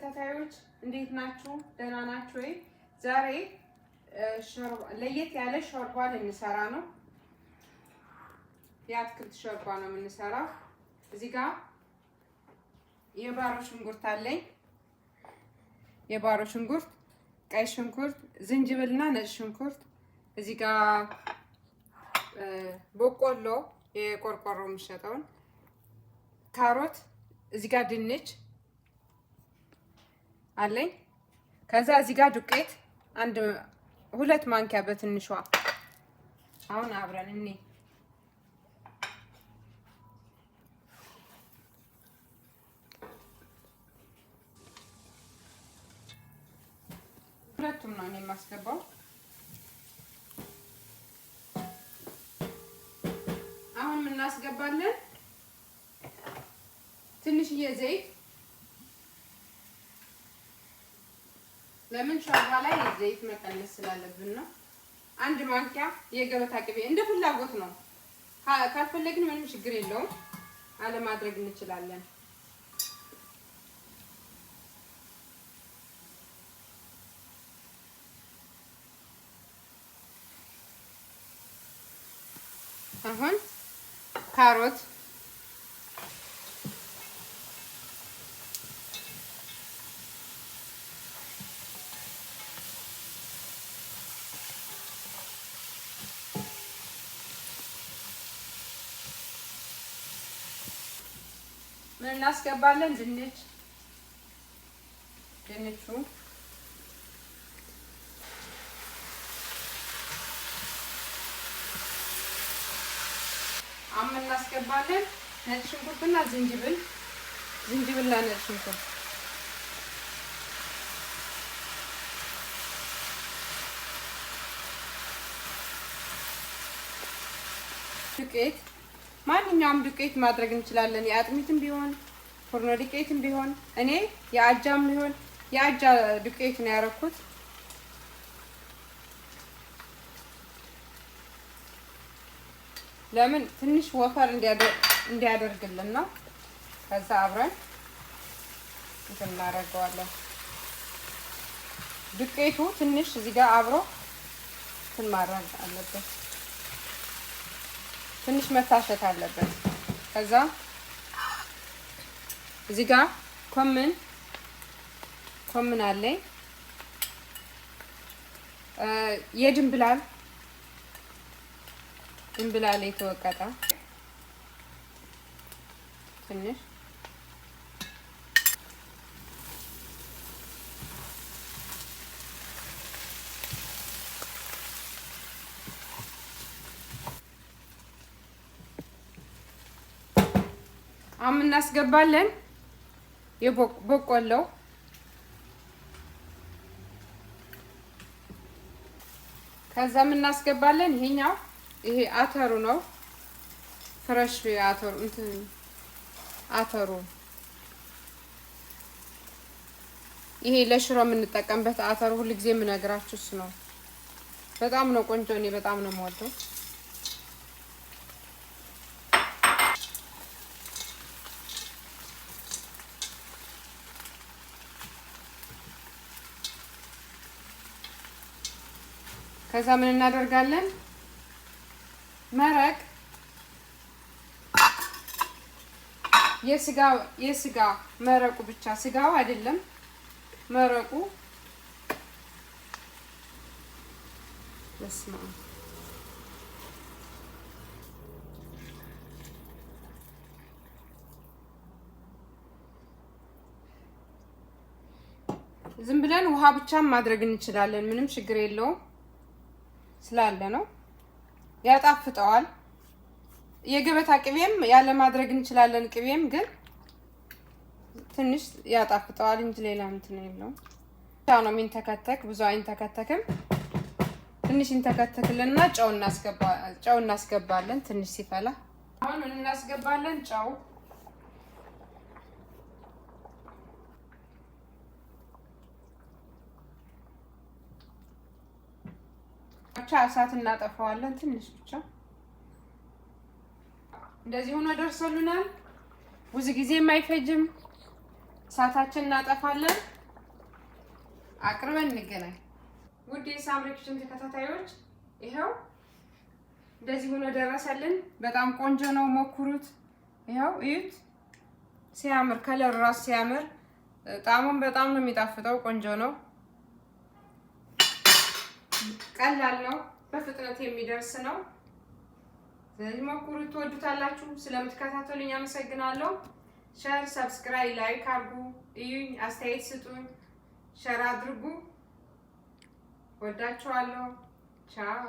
ተከታታዮች እንዴት ናችሁ? ደህና ናችሁ ወይ? ዛሬ ለየት ያለ ሾርባ ልንሰራ ነው። የአትክልት ሾርባ ነው የምንሰራው። እዚህ ጋር የባሮ ሽንኩርት አለኝ። የባሮ ሽንኩርት፣ ቀይ ሽንኩርት፣ ዝንጅብልና ነጭ ሽንኩርት። እዚህ ጋር በቆሎ የቆርቆሮ የሚሸጠውን ካሮት፣ እዚህ ጋር ድንች አለኝ። ከዛ እዚህ ጋር ዱቄት አንድ ሁለት ማንኪያ በትንሿ። አሁን አብረን እኔ ሁለቱም ነው እኔ የማስገባው። አሁን እናስገባለን ትንሽዬ ዘይት ለምን ሾርባ ላይ ዘይት መቀነስ ስላለብን ነው። አንድ ማንኪያ የገበታ ቅቤ እንደ ፍላጎት ነው። ካልፈለግን ምንም ችግር የለውም፣ አለማድረግ እንችላለን። አሁን ካሮት ምን እናስገባለን? ድንች ድንቹ አምን ምን እናስገባለን? ነጭ ሽንኩርትና ዝንጅብል ዝንጅብልና ነጭ ሽንኩርት ዱቄት ማንኛውም ዱቄት ማድረግ እንችላለን። የአጥሚትም ቢሆን ፎርኖ ዱቄትም ቢሆን እኔ የአጃም ቢሆን የአጃ ዱቄት ነው ያደረኩት። ለምን ትንሽ ወፈር እንዲያደርግልን ነው። ከዛ አብረን እንትን እናደርገዋለን። ዱቄቱ ትንሽ እዚህ ጋር አብሮ እንትን ማድረግ አለበት። ትንሽ መታሸት አለበት። ከዛ እዚህ ጋር ኮምን ኮምን አለኝ የድንብላል ድንብላል የተወቀጠ ትንሽ አሁን እናስገባለን የቦቆሎ ከዛም እናስገባለን ይሄኛው ይሄ አተሩ ነው። ፍረሽ አተሩ እንትን አተሩ ይሄ ለሽሮ የምንጠቀምበት አተሩ ሁልጊዜ የምነግራችሁ እሱ ነው። በጣም ነው ቆንጆ። እኔ በጣም ነው የምወደው። ከዛ ምን እናደርጋለን? መረቅ የስጋ የስጋ መረቁ ብቻ ስጋው አይደለም መረቁ በስመ ዝም ብለን ውሃ ብቻም ማድረግ እንችላለን። ምንም ችግር የለውም። ስላለ ነው። ያጣፍጠዋል። የገበታ ቅቤም ያለ ማድረግ እንችላለን። ቅቤም ግን ትንሽ ያጣፍጠዋል እንጂ ሌላ እንትን የለውም። ቻው ነው የሚንተከተክ፣ ብዙ አይንተከተክም። ትንሽ ይንተከተክልንና ጨው እናስገባ ጨው እናስገባለን። ትንሽ ሲፈላ አሁን እናስገባለን ጨው ብቻ እሳት እናጠፋዋለን። ትንሽ ብቻ እንደዚህ ሆኖ ደርሰሉናል። ብዙ ጊዜም አይፈጅም። እሳታችን እናጠፋለን። አቅርበን እንገናኝ። ውድ የሳምሪ ተከታታዮች ይኸው እንደዚህ ሆኖ ደረሰልን። በጣም ቆንጆ ነው፣ ሞክሩት። ይኸው እዩት፣ ሲያምር ከለር ራሱ ሲያምር፣ ጣሙን በጣም ነው የሚጣፍጠው። ቆንጆ ነው። ቀላል ነው፣ በፍጥነት የሚደርስ ነው። ስለዚህ ሞክሩ፣ ትወዱታላችሁ። ስለምትከታተሉኝ አመሰግናለሁ። ሸር፣ ሰብስክራይብ፣ ላይክ አድርጉ፣ እዩኝ፣ አስተያየት ስጡኝ፣ ሸር አድርጉ። ወዳችኋለሁ። ቻው